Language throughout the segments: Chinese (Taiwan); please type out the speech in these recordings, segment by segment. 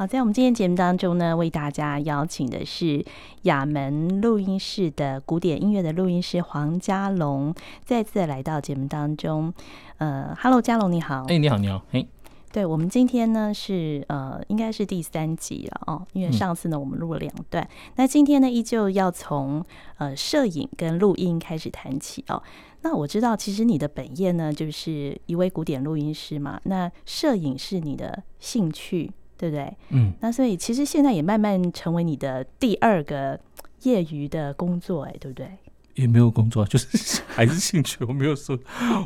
好，在我們今天節目當中呢，為大家邀請的是亞門錄音室的古典音樂的錄音師黃家隆，再次來到節目當中。呃，Hello，家隆你好。誒、欸，你好，你好。誒，對我們今天呢是呃，應該是第三集了哦，因為上次呢我們錄了兩段、嗯。那今天呢依舊要從呃攝影跟錄音開始談起哦。那我知道，其實你的本業呢就是一位古典錄音師嘛。那攝影是你的興趣。對不對？嗯，那所以其實現在也慢慢成為你的第二個業餘的工作、欸，哎，對不對？也沒有工作，就是還是興趣。我沒有收，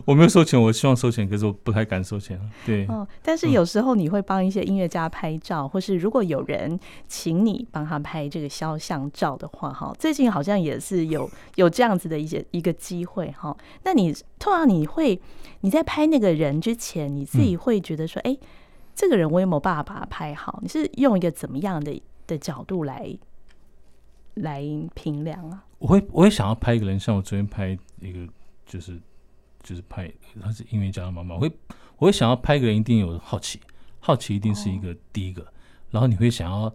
我沒有收錢。我希望收錢，可是我不太敢收錢。對，哦，但是有時候你會幫一些音樂家拍照，嗯、或是如果有人請你幫他拍這個肖像照的話，哈，最近好像也是有有這樣子的一些一個機會，哈。 那你通常你會你在拍那個人之前，你自己會覺得說，哎、嗯？這個人我也沒辦法把他拍好，你是用一個怎麼樣的的角度來來評量啊？我會，我會想要拍一個人，像我昨天拍一個、就是，就是就是拍他是音樂家的媽媽，我會我會想要拍一個人，一定有好奇，好奇一定是一個第一個、哦，然後你會想要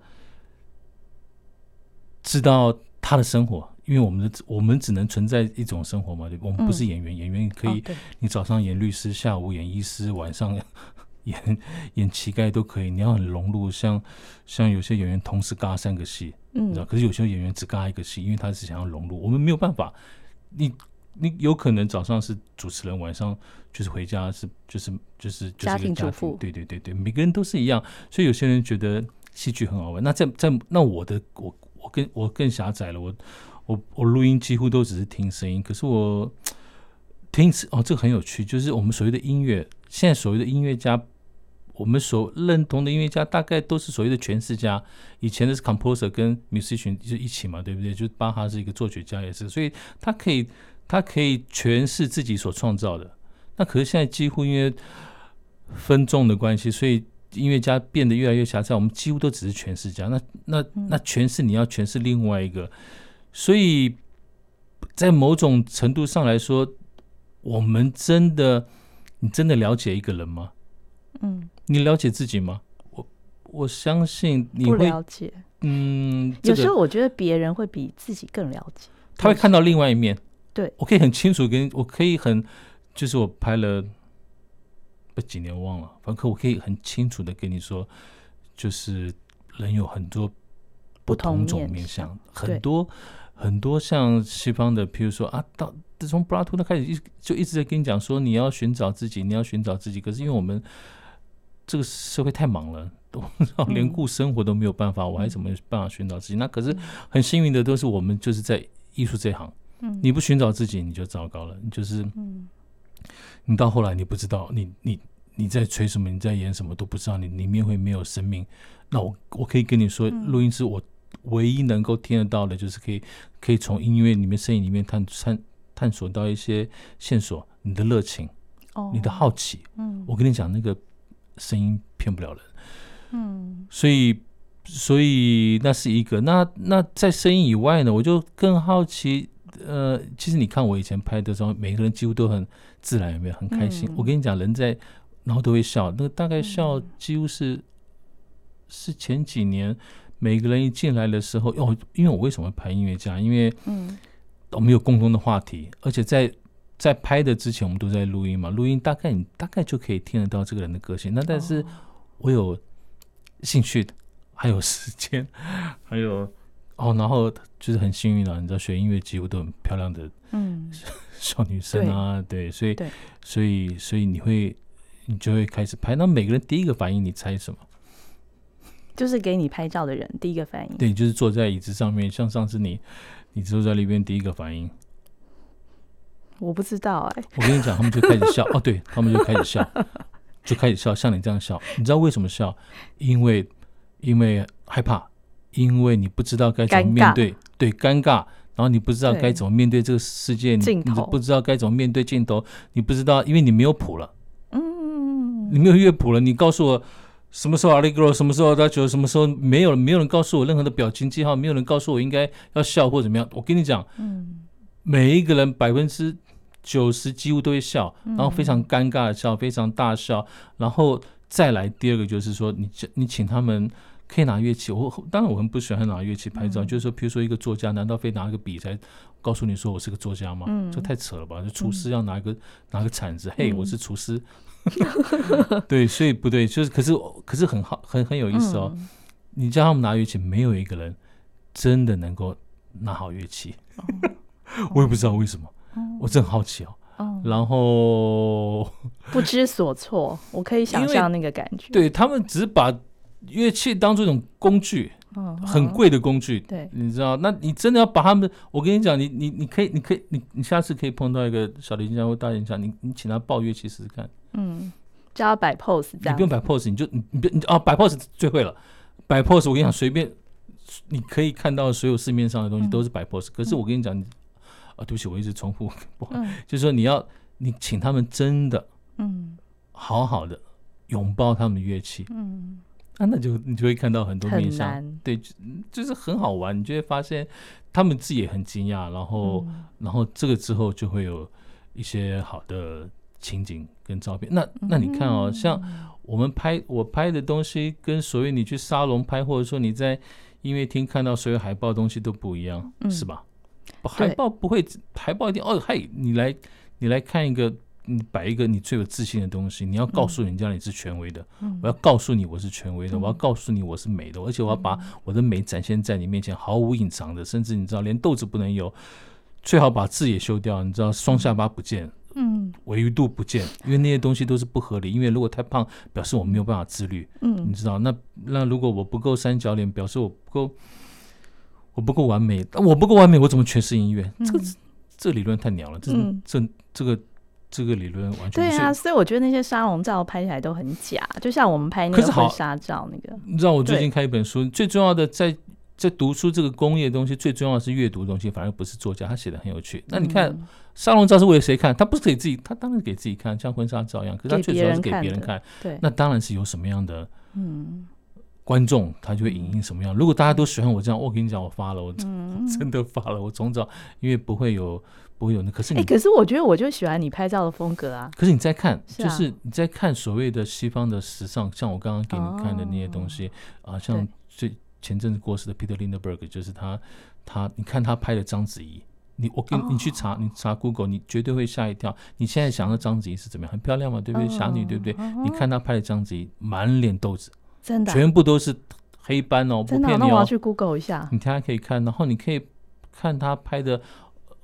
知道他的生活，因為我們的我們只能存在一種生活嘛，就我們不是演員，嗯、演員可以、哦、你早上演律師，下午演醫師，晚上。嗯演演乞丐都可以，你要很融入，像像有些演員同時軋三個戲，嗯，可是有些演員只軋一個戲，因為他只想要融入。我們沒有辦法，你你有可能早上是主持人，晚上就是回家是就是就是，就是一個家庭，家庭主婦，對對對對對，每個人都是一樣。所以有些人覺得戲劇很好玩，那在在那我的我我更我更狹窄了，我我我錄音幾乎都只是聽聲音，可是我聽哦，這個很有趣，就是我們所謂的音樂，現在所謂的音樂家。我們所認同的音樂家，大概都是所謂的詮釋家。以前的是 composer 跟 musician 就是一起嘛，對不對？就是巴哈是一個作曲家也是，所以他可以他可以詮釋自己所創造的。那可是現在幾乎因為分眾的關係，所以音樂家變得越來越狹窄。我們幾乎都只是詮釋家。那那那詮釋，你要詮釋另外一個，所以在某種程度上來說，我們真的你真的了解一個人嗎？嗯。你了解自己嗎？我我相信你會不了解。嗯、這個，有時候我覺得別人會比自己更了解。他會看到另外一面。對，我可以很清楚跟你，我可以很，就是我拍了，不幾年忘了，反正我可以很清楚的跟你說，就是人有很多不同，不同面種面相，很多很多像西方的，譬如說啊，到自從柏拉圖他開始一就一直在跟你講說，你要尋找自己，你要尋找自己，可是因為我們。這個社會太忙了，都不知道連顧生活都沒有辦法、嗯，我還怎麼辦法尋找自己？嗯、那可是很幸運的，都是我們就是在藝術這行、嗯，你不尋找自己你就糟糕了。你就是、嗯，你到後來你不知道你你你在吹什麼，你在演什麼都不知道，你裡面會沒有生命。那我我可以跟你說、嗯，錄音師我唯一能夠聽得到的，就是可以可以從音樂裡面、聲音裡面探探探索到一些線索，你的熱情，哦、你的好奇。嗯，我跟你講那個。聲音騙不了人，嗯，所以，所以那是一個，那那在聲音以外呢，我就更好奇，呃，其實你看我以前拍的時候，每個人幾乎都很自然，有沒有很開心、嗯？我跟你講，人在，然後都會笑，那個大概笑幾乎是、嗯、是前幾年每個人一進來的時候，哦、因為我為什麼拍音樂家？因為都沒有共同的話題，而且在。在拍的之前，我們都在錄音嘛，錄音，大概你大概就可以聽得到這個人的個性。那但是我有興趣的，還有時間，哦，還有哦，然後就是很幸運了。你知道，學音樂幾乎都很漂亮的小嗯小女生啊，對，對所以所以所以你會你就會開始拍。那每個人第一個反應，你猜什麼？就是給你拍照的人第一個反應。對，就是坐在椅子上面。像上次你，你坐在那邊，第一個反應。我不知道哎、欸，我跟你講， 他們就開始笑哦、 啊，對，他們就開始笑，就開始笑，像你這樣笑，你知道為什麼笑？因為，因為害怕，因為你不知道該怎麼面對，對，尷尬，然後你不知道該怎麼面對這個世界，你,你不知道該怎麼面對鏡頭，你不知道，因為你沒有譜了，嗯，你沒有樂譜了，你告訴我什麼時候阿里 g i 什麼時候他覺得什麼時候沒有了，沒有人告訴我任何的表情記號，沒有人告訴我應該要笑或怎麼樣，我跟你講，嗯，每一個人百分之。九十幾乎都會笑，然後非常尷尬的笑，嗯，非常大笑，然後再來第二個就是說你，你你請他們可以拿樂器，我當然我很不喜歡拿樂器拍照，嗯、就是說譬如說一個作家，難道非拿一個筆才告訴你說我是個作家嗎？嗯、這太扯了吧！就廚師要拿一個、嗯、拿一個鏟子、嗯，嘿，我是廚師。嗯、 對，所以不對，就是可是可是很好很很，很有意思哦。嗯、你叫他們拿樂器，沒有一個人真的能夠拿好樂器，嗯、 我也不知道為什麼。嗯我真好奇哦、oh.，然後不知所措，我可以想象那個感覺。對他們只是把樂器當做一種工具、oh.，很貴的工具。對，你知道？那你真的要把他們？我跟你講，你你你可以，你可以，你你下次可以碰到一個小提琴家或大提琴家，你你請他抱樂器試試看。嗯，叫他擺 pose，你不用擺 pose，你就你不你啊擺 pose 最會了，擺 pose 我跟你講，隨便你可以看到所有市面上的東西都是擺 pose、嗯。可是我跟你講、嗯。啊，對不起，我一直重複，不好意思。嗯，就是說你要你請他們真的，嗯，好好的擁抱他們樂器，嗯，啊，那就你就會看到很多面相，對，就是很好玩，你就會發現他們自己也很驚訝，然後、嗯、然後這個之後就會有一些好的情景跟照片。那那你看哦，嗯、像我們拍我拍的東西，跟所謂你去沙龍拍，或者說你在音樂廳看到所有海報的東西都不一樣，嗯、是吧？海報不會，海報一定哦。嘿，你來，你來看一個，你擺一個你最有自信的東西。你要告訴人家你是權威的，嗯，我要告訴你我是權威的，、嗯我我的，嗯，我要告訴你我是美的，而且我要把我的美展現在你面前，毫無隱藏的。嗯，甚至你知道，連痘子不能有，最好把痣也修掉。你知道，雙下巴不見，嗯，維度不見，因為那些東西都是不合理。因為如果太胖，表示我沒有辦法自律。嗯，你知道，那那如果我不夠三角臉，表示我不夠，我不夠完美，我不夠完美，我怎麼詮釋音樂、嗯？這個這個、理論太鳥了，嗯、這這這個這個理論完全對啊。所以我覺得那些沙龍照拍起來都很假，就像我們拍那個婚紗照那個。你知道我最近看一本書，最重要的在在讀書這個工業的東西，最重要的是閱讀的東西，反而不是作家他寫的很有趣。那你看、嗯、沙龍照是為了誰看？他不是給自己，他當然給自己看，像婚紗照一樣。可是他最主要是給別人看，對，那當然是有什麼樣的嗯。觀眾他就會影印什麼樣。如果大家都喜歡我這樣，我跟你講，我發了，我真的發了。我從早，因為不會有，不會有那。可是你、欸，可是我覺得我就喜歡你拍照的風格啊。可是你再看，是啊、就是你再看所謂的西方的時尚，像我剛剛給你看的那些東西、哦、啊，像最前陣子過世的 Peter Lindbergh，就是他，他，你看他拍的章子怡，你我給你、哦、你去查，你查 Google，你絕對會嚇一跳。你現在想到章子怡是怎麼樣，很漂亮嘛，對不對？俠、哦、女，對不對？哦、你看他拍的章子怡，滿臉痘子。真的啊、全部都是黑斑哦。真的、啊不哦，那我要去 Google 一下。你大家可以看，然後你可以看他拍的。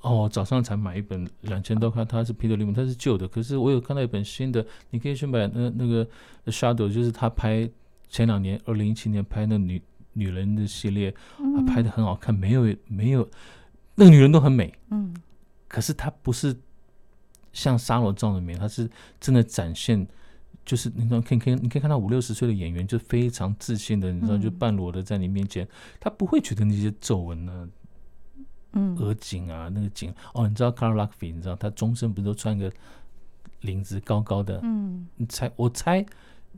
哦，早上才買一本兩千多塊，他是 Peter Lindbergh，他是舊的。可是我有看到一本新的，你可以去買、那個。那那個 Shadow 就是他拍前兩年，二零一七年拍那女女人的系列，他、嗯啊、拍的很好看，沒有沒有那個女人都很美。嗯。可是她不是像沙龍照的美，她是真的展現。就是你知道，看看你可以看到五六十歲的演員，就非常自信的，你知道，就半裸的在你面前，嗯，他不會覺得那些皺紋呢，嗯，額頸啊，那個頸，哦，你知道，卡拉洛克菲，你知道他終身不是都穿個領子高高的，嗯，你猜我猜，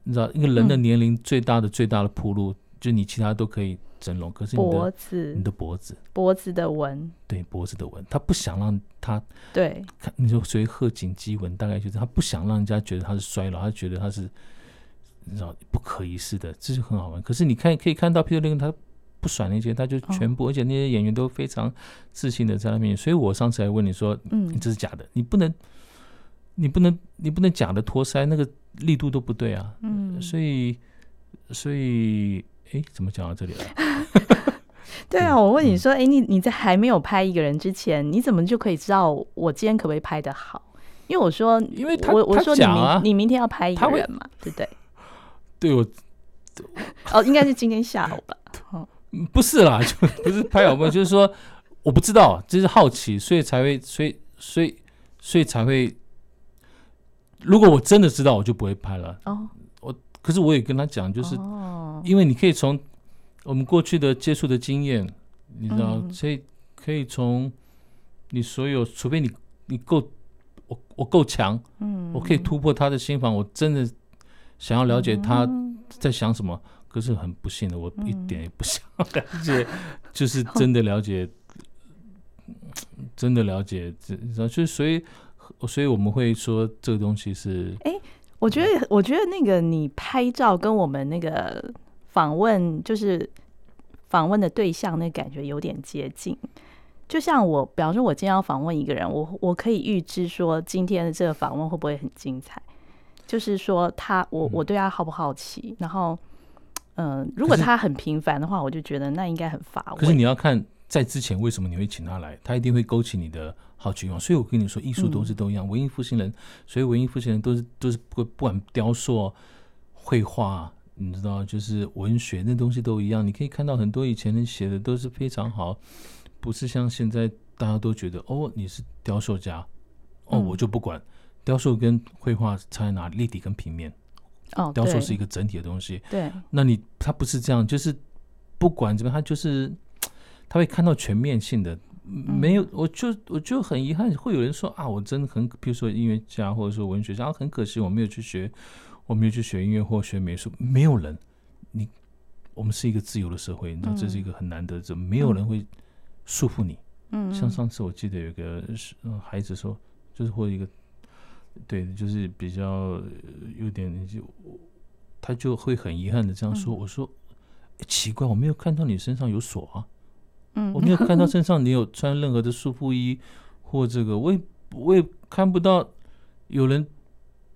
你知道一個人的年齡最大的最大的鋪路，嗯、就你其他都可以。整容，可是你的脖子，你的脖子，脖子的紋，對脖子的紋，他不想讓他對，看你就所謂賀錦雞紋，大概就是他不想讓人家覺得他是衰老，他覺得他是你知道不可一世的，這是很好玩。可是你看可以看到 Peter Lin 他不甩那些，他就全部、哦，而且那些演員都非常自信的在那邊。所以我上次還問你說，嗯，你這是假的，你不能，你不能，你不能假的托腮，那個力度都不對啊。嗯，所以所以哎、欸，怎麼講到這裡了？ 對啊，我問你說，哎，你你在還沒有拍一個人之前，你怎麼就可以知道我今天可不可以拍得好？因為我說，因為他我，我說你明他講啊，你明天要拍一個人嘛，對不對？對，我哦，應該是今天下午吧。嗯， 不是啦，就不是拍好不好？ 就是說，我不知道，就是好奇，所以才會，所以，所以，所以才會。如果我真的知道，我就不會拍了。哦，我可是我也跟他講，就是哦，因為你可以從。我們過去的接觸的經驗，你知道，嗯、所以可以從你所有，除非你你夠，我我夠強、嗯，我可以突破他的心防。我真的想要了解他，在想什麼、嗯，可是很不幸的，我一點也不想了解、嗯，就是真的了解，嗯、真的了解，你知道就是所以所以我們會說這個東西是哎、欸，我覺得、嗯、我覺得那個你拍照跟我們那個。訪問就是訪問的對象，那感覺有點接近。就像我，比方說，我今天要訪問一個人，我我可以預知說今天的這個訪問會不會很精彩。就是說，他我我對他好不好奇，然後，嗯，如果他很平凡的話，我就覺得那應該很乏味。嗯，可是，可是你要看在之前為什麼你會請他來，他一定會勾起你的好奇心。所以我跟你說，藝術都是都一樣、嗯，文藝復興人，所以文藝復興人都是都是不不管雕塑、繪畫。你知道，就是文學那東西都一樣，你可以看到很多以前人寫的都是非常好，不是像現在大家都覺得哦，你是雕塑家，哦，嗯、我就不管，雕塑跟繪畫差在哪？立體跟平面，哦，雕塑是一個整體的東西，對，那你他不是這樣，就是不管怎麼，他就是他會看到全面性的，沒有，我就我就很遺憾，會有人說啊，我真的很，譬如說音樂家或者說文學家、啊，很可惜我沒有去學。我們要去學音樂或學美術，沒有人。你，我們是一個自由的社會，那這是一個很難得的、嗯，沒有人會束縛你。嗯嗯、像上次我記得有一個是孩子說，就是或一個，對，就是比較有點就，他就會很遺憾的這樣說。嗯、我說奇怪，我沒有看到你身上有鎖啊，嗯，我沒有看到身上你有穿任何的束縛衣、嗯、或這個，我也我也看不到有人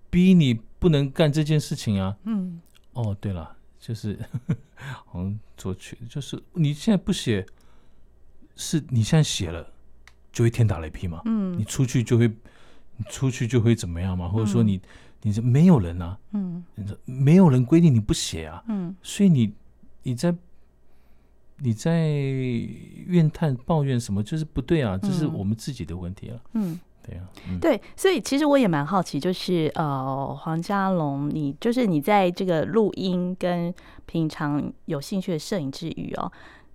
逼你。不能幹這件事情啊！嗯，哦，對了，就是我們作曲，就是你現在不寫，是你現在寫了就會天打雷劈嗎？嗯，你出去就會，你出去就會怎麼樣嗎？或者說你，你這沒有人啊，嗯，你沒有人規定你不寫啊，嗯，所以你你在你在怨嘆抱怨什麼？就是不對啊、嗯，這是我們自己的問題啊，嗯。嗯 Yeah, 對、嗯，所以其實我也蠻好奇，就是呃，黃家隆，你就是你在這個錄音跟平常有興趣的攝影之餘哦，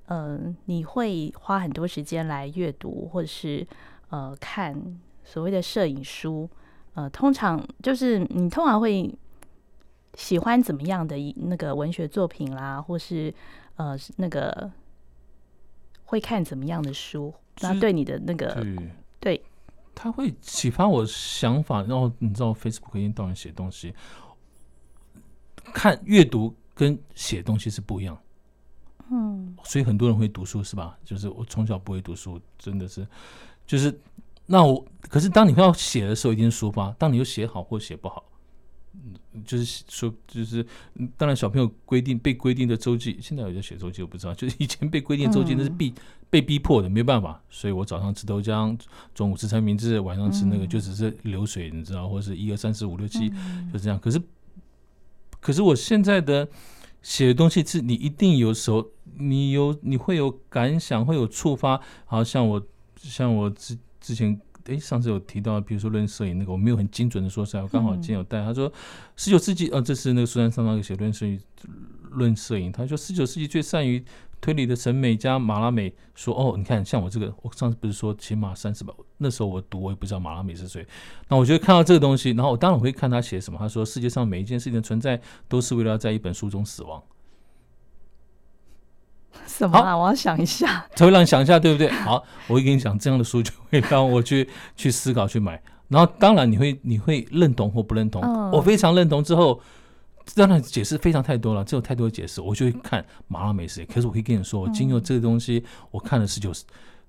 嗯、呃，你會花很多時間來閱讀，或者是呃看所謂的攝影書，呃，通常就是你通常會喜歡怎麼樣的一那個文學作品啦，或是呃那個會看怎麼樣的書？那對你的那個對。他會啟發我想法，然後你知道，Facebook 一天到晚寫東西，看閱讀跟寫東西是不一樣，嗯，所以很多人會讀書是吧？就是我從小不會讀書，真的是，就是那我，可是當你要寫的時候，一定是抒發。當你又寫好或寫不好。嗯，就是說，就是當然，小朋友規定被規定的周記，現在有在寫周記，我不知道，就是以前被規定周記，那是被被逼迫的，沒辦法，所以我早上吃豆漿，中午吃三明治，晚上吃那個，就只是流水，你知道，或者是一二三四五六七，就是這樣。可是，可是我現在的寫的東西是，你一定有時候你有你會有感想，會有觸發，好像我像我之之前。誒，上次有提到，比如說論攝影那個，我沒有很精準的說出來，我剛好今天有帶。他、嗯、說十九世紀，呃，這是那個蘇珊·桑塔格寫論攝影《論攝論攝影》，他說十九世紀最善於推理的審美家馬拉美說，哦，你看像我這個，我上次不是說起碼三十吧？那時候我讀，我也不知道馬拉美是誰。那我覺得看到這個東西，然後我當然會看他寫什麼。他說世界上每一件事情的存在，都是為了在一本書中死亡。什麼啊？我要想一下，讓你想一下，對不對？好，我會跟你講這樣的書就會讓我去 去思考去買，然後當然你會你會認同或不認同，嗯，我非常認同之後，當然解釋非常太多了，這有太多的解釋，我就會看麻辣美食。可是我可以跟你說，嗯、我經過這個東西，我看了十九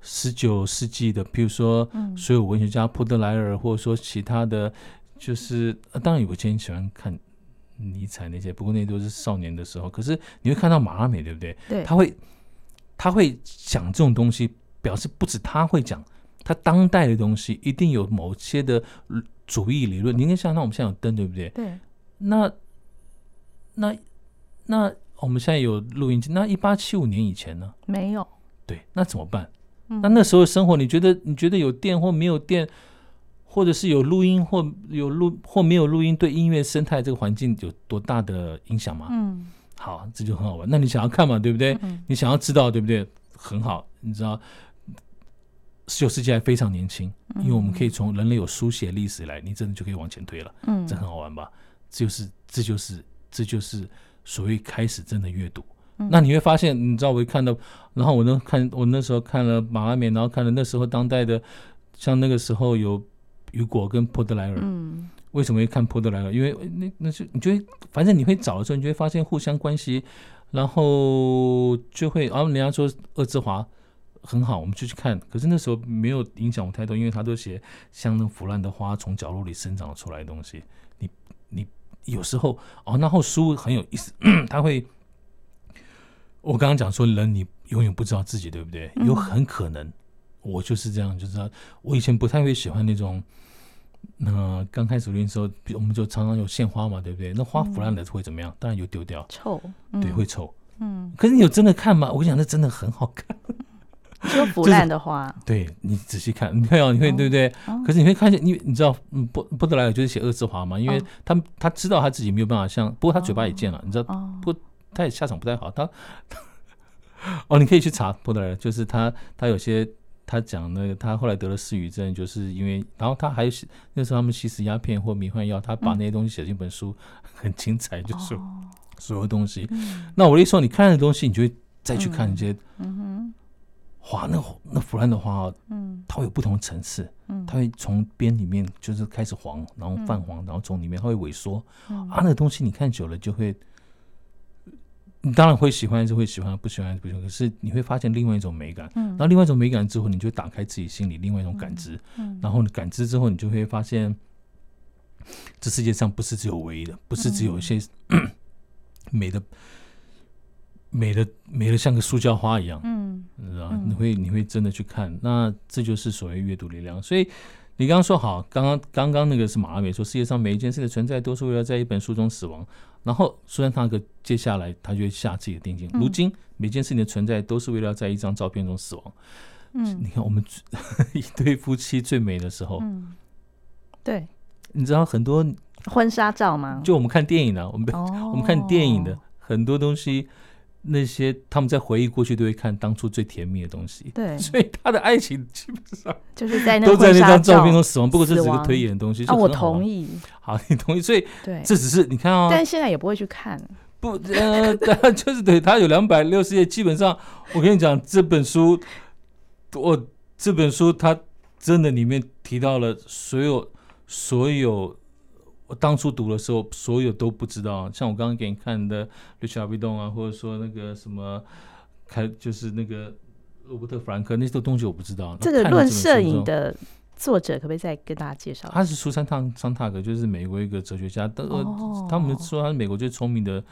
十九世紀的，比如說所有文學家普德萊爾，或者說其他的，就是、呃、當然我今天喜歡看。尼采那些，不過那都是少年的時候。可是你會看到馬拉美，對不對？對，他會，他會講這種東西，表示不止他會講，他當代的東西一定有某些的主義理論。你應該想，那我們現在有燈，對不對？對。那，那，那我們現在有錄音機，那一八七五年以前呢？沒有。對。那怎麼辦？嗯。那那時候生活，你覺得你覺得有電或沒有電？或者是有錄音或有錄或沒有錄音，對音樂生態這個環境有多大的影響嗎？嗯，好，這就很好玩。那你想要看嘛，對不對？你想要知道，對不對？很好，你知道，十九世紀還非常年輕，因為我們可以從人類有書寫歷史來，你真的就可以往前推了。嗯，這很好玩吧？就是這就是這就是所謂開始真的閱讀。那你會發現，你知道，我一看到，然後我那看，我那時候看了馬拉美，然後看了那時候當代的，像那個時候有，雨果跟波德萊爾，嗯，為什麼會看波德萊爾？因為那那是你就會，反正你會找的時候，你就會發現互相關係，然後就會，啊，人家說惡之華很好，我們就去看。可是那時候沒有影響我太多，因為他都寫像那腐爛的花從角落裡生長出來的東西。你你有時候哦、啊，然後書很有意思，他會，我剛剛講說人你永遠不知道自己對不對？有很可能。嗯我就是這樣，就是我以前不太會喜歡那種，那剛、個、開始的時候，比我們就常常有獻花嘛，對不對？那花腐爛的會怎麼樣？嗯、當然有丟掉，臭、嗯，對，會臭，嗯。可是你有真的看嗎？我跟你講，那真的很好看， 就腐爛的花。對你仔細看，沒有你看你會對不對、哦？可是你會看見，因你，你知道，布、嗯、波、波德萊爾就是寫惡之華嘛，因為他、哦、他知道他自己沒有辦法像，像不過他嘴巴也賤了、哦，你知道，哦、不，他也下場不太好，他 哦，你可以去查波德萊爾，就是他他有些。他講那個，他後來得了失語症，就是因為，然後他還那時候他們吸食鴉片或迷幻藥，他把那些東西寫進一本書，很精彩，就是所有東西。那我一說你看的東西，你就會再去看一些，嗯哼，哇，那那腐爛的花，嗯，它會有不同層次，嗯，它會從邊裡面就是開始黃，然後泛黃，然後從裡面它會萎縮，啊，那個東西你看久了就會。你當然會喜歡，還是會喜歡，不喜歡還是不喜歡。可是你會發現另外一種美感，嗯，然後另外一種美感之後，你就會打開自己心裡另外一種感知，嗯嗯，然後你感知之後，你就會發現，這世界上不是只有唯一的，不是只有一些、嗯、 美的、美的、美的像個塑膠花一樣，嗯，是吧？你會你會真的去看，那這就是所謂閱讀力量。所以你剛剛說好，剛剛剛剛那個是馬拉美說，世界上每一件事的存在都是為了在一本書中死亡。然後蘇珊那個接下來，他就會下自己的定金。如今每件事情的存在都是為了在一張照片中死亡。嗯，你看我們、嗯、 一對夫妻最美的時候，嗯、對，你知道很多婚紗照嗎？就我們看電影的、啊，我們、哦、我們看電影的很多東西。那些他們在回憶過去都會看當初最甜蜜的東西，對，所以他的愛情基本上就是在那都在那張照片中死亡，死亡，不過這只是推演的東西、啊啊。我同意。好，你同意，所以對，這只是你看哦、啊，但現在也不會去看。不，但、呃、就是對他有兩百六十頁， 基本上我跟你講，這本書，我、哦、這本書它真的裡面提到了所有所有。我當初讀的時候，所有都不知道，像我剛剛給你看的 Richard Avedon 啊，或者說那個什麼開，就是那個羅伯特弗蘭克那些東西，我不知道。這個論攝影的作者可不可以再跟大家介紹？他是蘇珊·桑塔格，就是美國一個哲學家。他們說他是美國最聰明的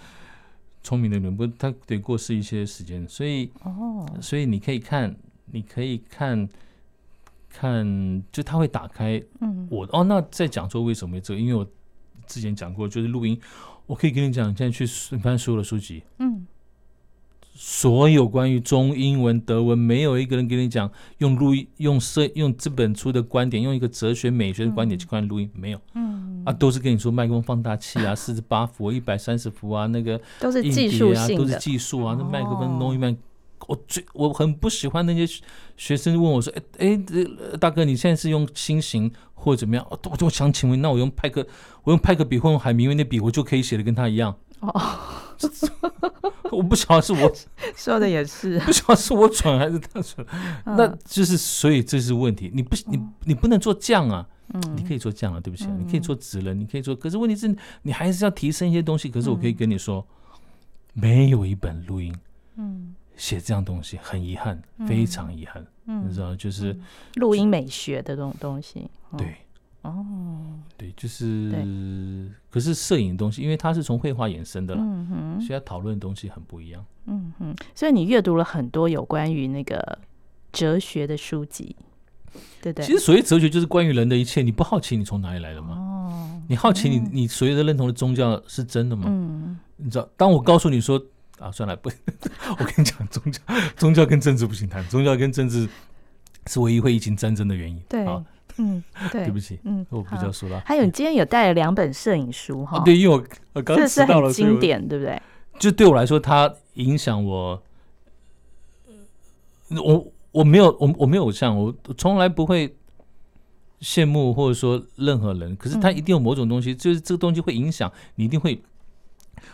聰明的人，不、哦、他得過世一些時間，所以哦，所以你可以看，你可以看看，就他會打開。嗯，我哦，那在講座為什麼沒這個，因為我。之前講過，就是錄音，我可以跟你講，你現在去翻所有的書籍，嗯，所有關於中英文、德文，沒有一個人跟你講用錄音、用攝、用這本書的觀點，用一個哲學美學的觀點去關於錄音，沒有，嗯啊，都是跟你說麥克風放大器啊，四十八伏、一百三十伏啊，那個都是技術啊，都是技術啊，那麥克風諾伊曼。哦、我最我很不喜歡那些學，學生問我說：“哎、欸、哎、欸，大哥，你現在是用心形或者怎麼樣？哦、我就想請問，那我用派克，我用派克筆或用海明威那筆，我就可以寫的跟他一樣？”哦、 我不曉得是我說的也是、啊，不曉得是我蠢還是他蠢。嗯、那就是所以這是問題，你不你你不能做將啊，嗯、你可以做將啊，對不起、啊，嗯、你可以做職人，你可以做。可是問題是，你還是要提升一些東西。可是我可以跟你說，嗯、沒有一本錄音，嗯。寫這樣東西很遺憾、嗯，非常遺憾、嗯，你知道，就是錄、嗯、音美學的這種東西，對，哦，對，就是，可是攝影的東西，因為它是從繪畫衍生的了，嗯哼，所以要討論的東西很不一樣，嗯哼，所以你閱讀了很多有關於那個哲學的書籍，對對，其實所謂哲學就是關於人的一切，你不好奇你從哪裡來的嗎？哦，你好奇你、嗯、你所謂的認同的宗教是真的嗎？嗯，你知道，當我告訴你說。啊，算了，不，我跟你講，宗教宗教跟政治不行談，宗教跟政治是唯一會引起戰爭的原因。對，啊，嗯對，對不起，嗯，我比較說了。還有，你今天有帶了兩本攝影書哈？嗯啊、對，因為我剛知道了經典，對不對？就對我來說，它影響我。我我沒有，我我沒有偶像，我從來不會羨慕或者說任何人，可是它一定有某種東西，嗯、就是這個東西會影響你，一定會。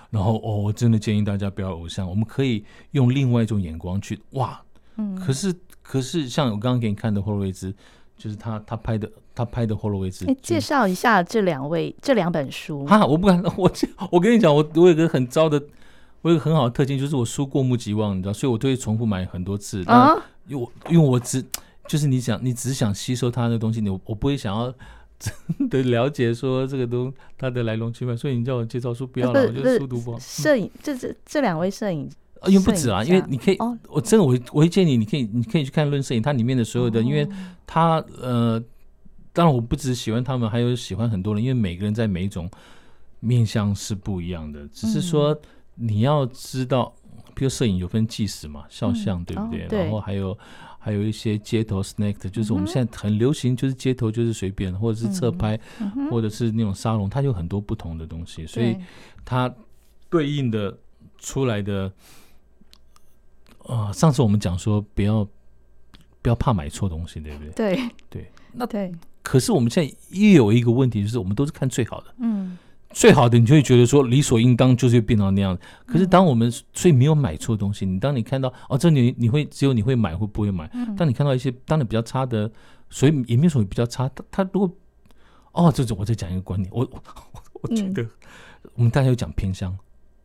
然後哦，我真的建議大家不要偶像，我們可以用另外一種眼光去哇、嗯。可是可是，像我剛剛給你看的霍洛維茲，就是他他拍的他拍的霍洛維茲。介紹一下這兩位這兩本書哈，我不敢，我我跟你講，我我有個很糟的，我有個很好的特性，就是我書過目即忘，你知道，所以我都會重複買很多次。啊、哦，因為我因為我只就是你想，你只想吸收他的東西，你我不會想要。 真的了解說這個都它的來龍去脈，所以你叫我介紹書不要了，我就書讀不好攝影，這這這兩位攝影，因為不止啊，因為你可以，我真的我我會建議你，你，可，可以你可以去看《論攝影》，它裡面的所有的，因為它呃，當然我不止喜歡他們，還有喜歡很多人，因為每個人在每一種面向是不一樣的。只是說你要知道，比如攝影有分紀實嘛，肖像對不對？然後還有。還有一些街頭 snack，的就是我們現在很流行，就是街頭就是隨便，嗯、或者是側拍，嗯、或者是那種沙龍，它有很多不同的東西，嗯，所以它對應的出來的，呃、啊，上次我們講說不要不要怕買錯東西，對不對？對對，那對，可是我們現在又有一個問題，就是我們都是看最好的，嗯。最好的，你就會覺得說理所應當，就是會變成那樣的。可是當我們最沒有買錯的東西，嗯、你當你看到哦，這裡你，你會只有你會買，會不會買？嗯、當你看到一些當然比較差的，所以也沒有所謂比較差。他他如果哦，這種我在講一個觀點，我我，我覺得我們大家有講偏鄉，嗯、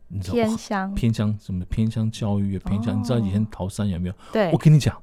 你知道偏偏鄉什麼偏鄉教育偏鄉，偏鄉，偏鄉，偏鄉，偏鄉、哦，你知道以前桃山有沒有？對，我跟你講。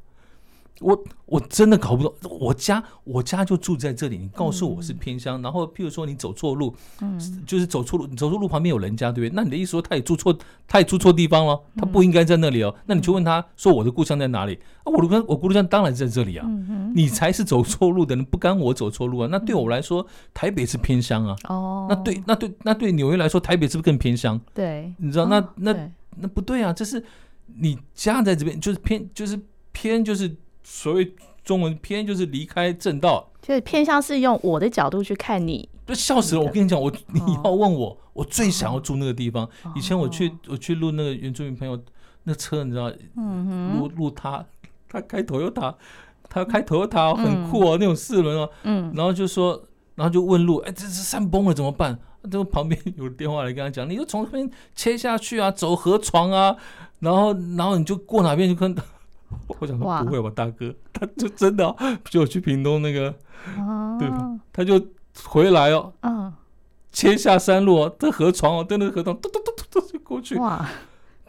我我真的搞不懂，我家我家就住在這裡。你告訴我是偏鄉、嗯，然後譬如說你走錯路、嗯，就是走錯路，你走錯路旁邊有人家，對不對？那你的意思說他也住錯，他也住錯地方了，他不應該在那裡哦、嗯。那你去問他說，我的故鄉在哪裡？嗯啊、我，我的我故鄉當然在這裡啊，嗯、你才是走錯路的人，不干我走錯路啊、嗯。那對我來說，台北是偏鄉啊。哦，那對，那對，那對紐約來說，台北是不是更偏鄉？對，你知道、哦、那那那不對啊，這、就是你家在這邊，就是偏，就是偏，就是。就是所謂中文偏就是離開正道，就是偏向是用我的角度去看你，就笑死了。我跟你講，我你要問我、哦，我最想要住那個地方。哦、以前我去我去錄那個原住民朋友，那車你知道，嗯嗯，路路他開 Toyota，他開 Toyota，很酷哦，嗯、那種四輪哦。嗯，然後就說，然後就問路，哎、欸，這這山崩了怎麼辦？然後旁邊有電話來跟他講，你就從這邊切下去啊，走河床啊，然後然後你就過哪邊就看到。我想說不會吧，大哥，他就真的、哦、就去屏東那個，啊、對吧，他就回來哦，啊、嗯，切下山路的、哦、河床哦，登那個河床，嘟嘟嘟嘟就過去。哇，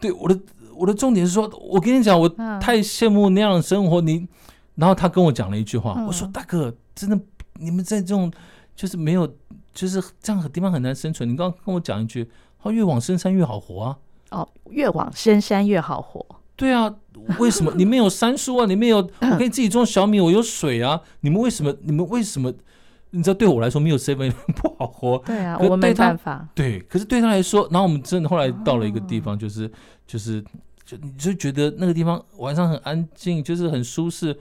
對，我的我的重點是說，我跟你講，我太羨慕那樣的生活。嗯、你，然後他跟我講了一句話、嗯，我說大哥，真的，你們在這種，就是沒有，就是這樣的地方很難生存。你剛剛跟我講一句，他越往深山越好活啊。哦，越往深山越好活。對啊，為什麼你沒有山樹啊？ 你沒有，我可以自己種小米，嗯、我有水啊！你們為什麼？你們為什麼？你知道，對我來說沒有 seven 不好活。對啊對，我沒辦法。對，可是對他來說，然後我們真的後來到了一個地方、就是，就是就是就你就覺得那個地方晚上很安靜，就是很舒適，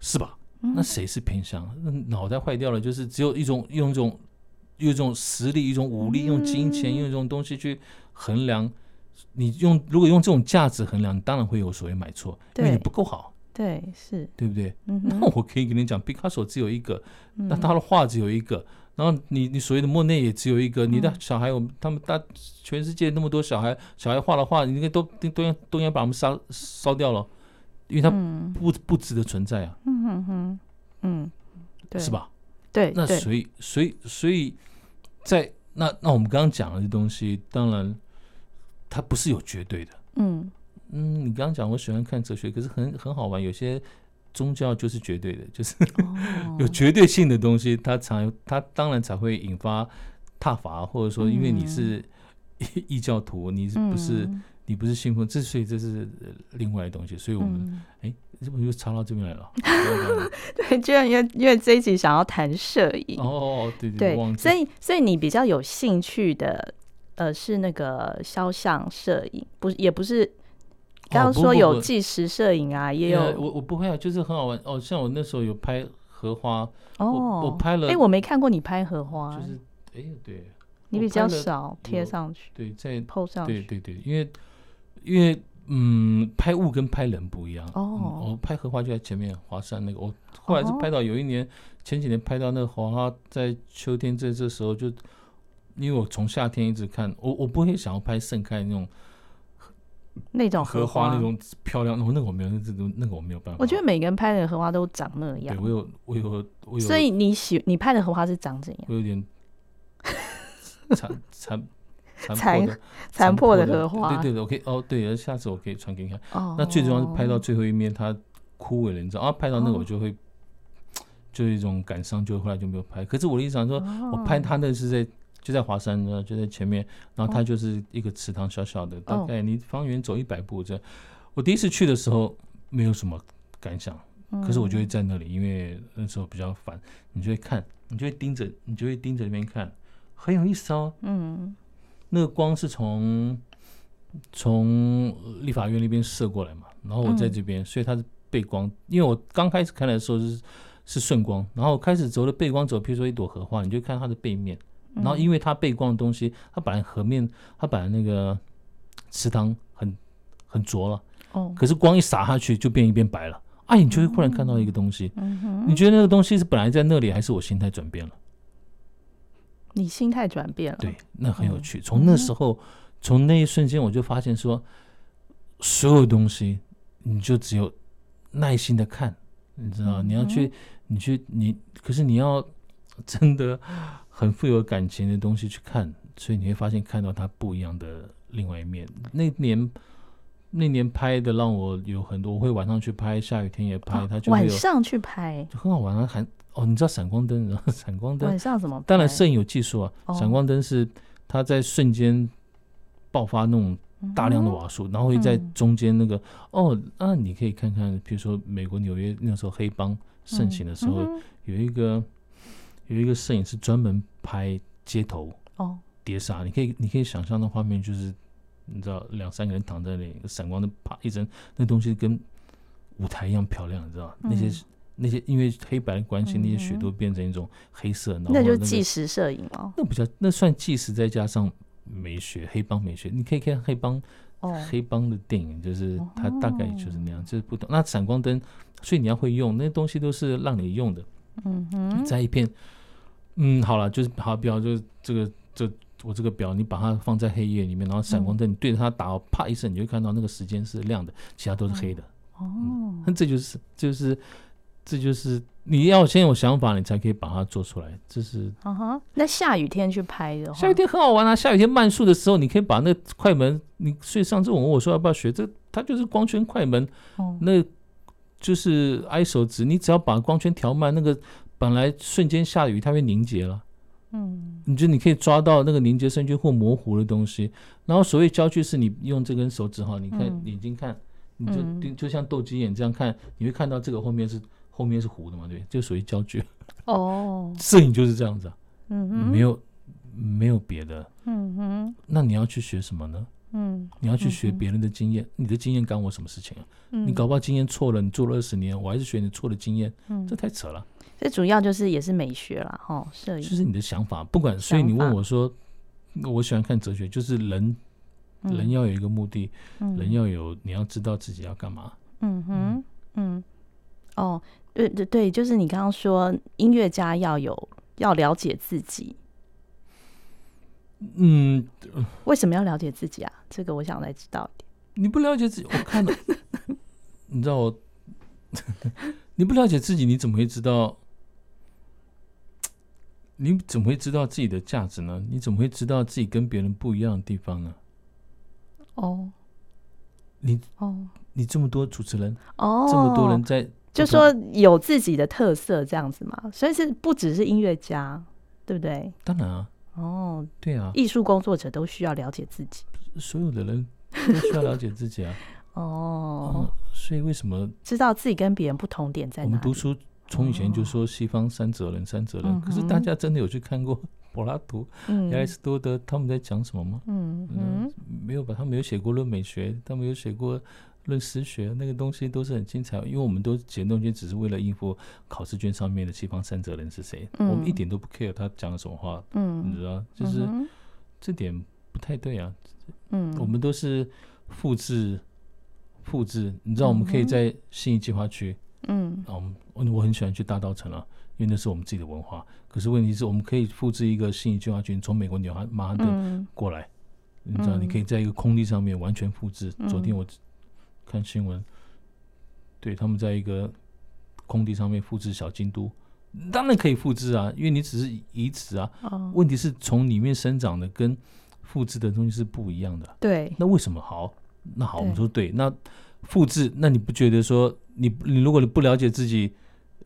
是吧？嗯、那誰是平常？腦袋壞掉了，就是只有一種用一種有一,一種實力，一種武力，嗯、用金錢用一種東西去衡量。你用如果用這種價值衡量，你當然會有所謂買錯，因為你不夠好。對，是對不對、嗯？那我可以跟你講，畢卡索只有一個，那他的畫只有一個。嗯、然後你你所謂的莫內也只有一個，你的小孩，嗯、他們大全世界那麼多小孩，小孩畫的畫，你應該都都都要都把他們燒燒掉了，因為他不、嗯、不，不值得存在啊。嗯哼哼嗯嗯嗯，是吧？對，對那所以所以所以，所以在那那我們剛剛講的這東西，當然。它不是有絕對的，嗯嗯，你剛剛講我喜歡看哲學，可是很很好玩，有些宗教就是絕對的，就是、哦、呵呵有絕對性的東西，它才它當然才會引發撻伐，或者說，因為你是異教徒，你是不是你不是信奉，這所以這是另外的東西，所以我們哎，怎、嗯、麼、欸、又插到這邊來了？對、啊，居 然因為因為這一集想要談攝影哦，對對，對忘記所以所以你比較有興趣的。呃，是那個肖像攝影，不是，也不是。剛剛說有紀實攝影啊、哦，也有。Yeah, 我我不會啊，就是很好玩哦。像我那時候有拍荷花，哦，我，我拍了。哎、欸，我沒看過你拍荷花，就是哎、欸，對。你比較少貼上去。對，在扣上去。對對對，因為因為嗯，拍物跟拍人不一樣哦、嗯。我拍荷花就在前面華山那個，我後來是拍到有一年、哦、前幾年拍到那個荷花，在秋天在這，這時候就。因為我從夏天一直看，我我不會想要拍盛開那種荷那種荷花那種漂亮的，那我那個我沒有，那個那個我沒有辦法。我覺得每個人拍的荷花都長那樣。對，我有我有我有。所以你喜你拍的荷花是長怎樣？我有點殘殘殘殘破的荷花。對對的，OK，哦，對，下次我可以傳給你看。Oh. 那最重要是拍到最後一面，它枯萎了，你知道啊？拍到那個我就會、Oh. 就有一種感傷，就後來就沒有拍。可是我的意思說，Oh. 我拍它那是在。就在華山，就在前面，然後它就是一個池塘，小小的，oh. 大概你方圓走一百步這樣。這、oh. 我第一次去的時候沒有什麼感想、嗯，可是我就會在那裡，因為那時候比較煩，你就會看，你就會盯着，你就會盯着那邊看，很有意思哦。嗯，那個光是從從立法院那邊射過來嘛，然後我在這邊，嗯、所以它是背光。因為我剛開始看來的時候是是順光，然後我開始走的背光走，譬如說一朵荷花，你就看它的背面。然後，因為它背光的東西，它本來河面，它本來那個池塘很很濁了。Oh. 可是光一灑下去，就變一變白了。哎，你就會忽然看到一個東西。Mm -hmm. 你覺得那個東西是本來在那裡，還是我心態轉變了？你心態轉變了。對，那很有趣。從那時候，mm -hmm. 從那一瞬間，我就發現說，所有東西，你就只有耐心的看，你知道？你要去，mm -hmm. 你去，你，可是你要真的。很富有感情的東西去看，所以你會發現看到它不一樣的另外一面。那年那年拍的讓我有很多，我會晚上去拍，下雨天也拍。啊、它就晚上去拍就很好玩啊，還哦，你知道閃光燈，然後閃光燈晚上什麼？當然攝影有技術啊，哦、閃光燈是它在瞬間爆發那種大量的瓦數，嗯，然後會在中間那個、嗯、哦，那、啊、你可以看看，比如說美國紐約那時候黑幫盛行的時候，嗯、有一個。有一個攝影師專門拍街頭哦，碟剎，你可以，你可以想象的畫面就是，你知道兩三個人躺在那裡，閃光燈啪一聲，那東西跟舞台一樣漂亮，你知道？那些那些因為黑白的關係，那些血都變成一種黑色，那就紀實攝影哦。那比較那算紀實，再加上美學，黑幫美學。你可以看黑幫，黑幫的電影，就是他大概就是那樣，就是不懂。那閃光燈，所以你要會用，那些東西都是讓你用的。嗯哼，在一片，嗯，好了，就是好表，就是這個，這我這個表，你把它放在黑夜裡面，然後閃光燈、嗯、你對着它打，啪一聲，你就會看到那個時間是亮的，其他都是黑的。嗯嗯、哦，那這就是，就是，這就是你要先有想法，你才可以把它做出來。這是、嗯哼，那下雨天去拍的話，下雨天很好玩啊！下雨天慢速的時候，你可以把那個快門，你所以上次我問我說要不要學這，它就是光圈快門。哦、嗯，那。就是挨手指，你只要把光圈調慢，那個本來瞬間下雨，它會凝結了。嗯，你就你可以抓到那個凝結瞬間或模糊的東西。然後所謂焦距是你用這根手指哈，你看、嗯、眼睛看，你就就像鬥雞眼這樣看、嗯，你會看到這個後面是後面是糊的嘛？對，就屬於焦距。哦，攝 影就是這樣子啊，嗯哼，沒有沒有別的，嗯哼，那你要去學什麼呢？你要去學別人的經驗、嗯，你的經驗干我什麼事情啊？嗯、你搞不好經驗錯了，你做了二十年，我還是學你錯的經驗、嗯，這太扯了。這主要就是也是美學啦，齁，攝影就是你的想法，不管。所以你問我說，想我喜歡看哲學，就是人，嗯、人要有一個目的、嗯，人要有，你要知道自己要幹嘛。嗯哼，嗯，嗯哦，對對對，就是你剛剛說音樂家要有要了解自己。嗯，為什麼要了解自己啊？這個我想來知道一點。你不了解自己，我看到， 你知道我， 你不了解自己，你怎麼會知道？你怎麼會知道自己的價值呢？你怎麼會知道自己跟別人不一樣的地方呢？哦、oh.，你哦，你這麼多主持人哦，oh. 這麼多人在主持人，就說有自己的特色這樣子嘛。所以是不只是音樂家，對不對？當然啊。哦，對啊，藝術工作者都需要了解自己，所有的人都需要了解自己啊。 嗯、哦，所以為什麼知道自己跟別人不同點在哪裡？我們讀書從以前就說西方三哲人，哦、三哲人、嗯，可是大家真的有去看過柏拉圖、亞里士多德他們在講什麼嗎？嗯嗯，沒有吧？他沒有寫過《論美學》，他沒有寫過。論實學那個東西都是很精彩，因為我們都解凍卷只是為了應付考試卷上面的西方三哲人是誰？嗯，我們一點都不 care 他講的什麼話、嗯，你知道，就是、嗯、這點不太對啊。嗯、我們都是複製複製，你知道，我們可以在信義計劃區，嗯，然後我很喜歡去大稻埕啊，因為那是我們自己的文化。可是問題是，我們可以複製一個信義計劃區從美國紐約曼哈頓過來、嗯，你知道，你可以在一個空地上面完全複製、嗯。昨天我。看新聞，對，他們在一個空地上面複製小京都，當然可以複製啊，因為你只是移植啊。哦、問題是從裡面生長的跟複製的東西是不一樣的。對，那為什麼？好，那好，我們說對，那複製，那你不覺得說，你你如果你不了解自己，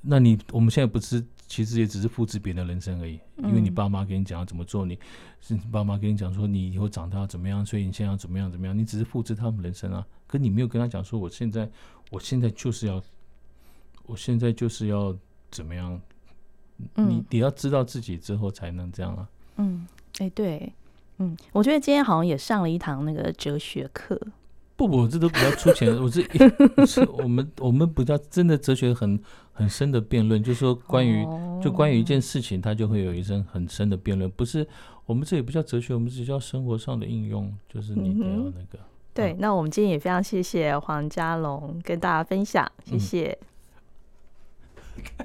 那你我們現在不是其實也只是複製別人的人生而已，因為你爸媽給你講要怎麼做，你爸媽給你講說你以後長大要怎麼樣，所以你現在要怎麼樣怎麼樣，你只是複製他們的人生啊。可你沒有跟他講說，我現在，我現在就是要，我現在就是要怎麼樣？嗯、你你要知道自己之後才能這樣啊。嗯，哎、欸，對，嗯，我覺得今天好像也上了一堂那個哲學課。不，我這都比較粗淺， 我這是 我們我們比較真的哲學很很深的辯論，就是說關於、哦、就關於一件事情，他就會有一聲很深的辯論。不是我們這也不叫哲學，我們只叫生活上的應用，就是你得要那個。嗯對，那我們今天也非常謝謝黃家隆跟大家分享，謝謝。嗯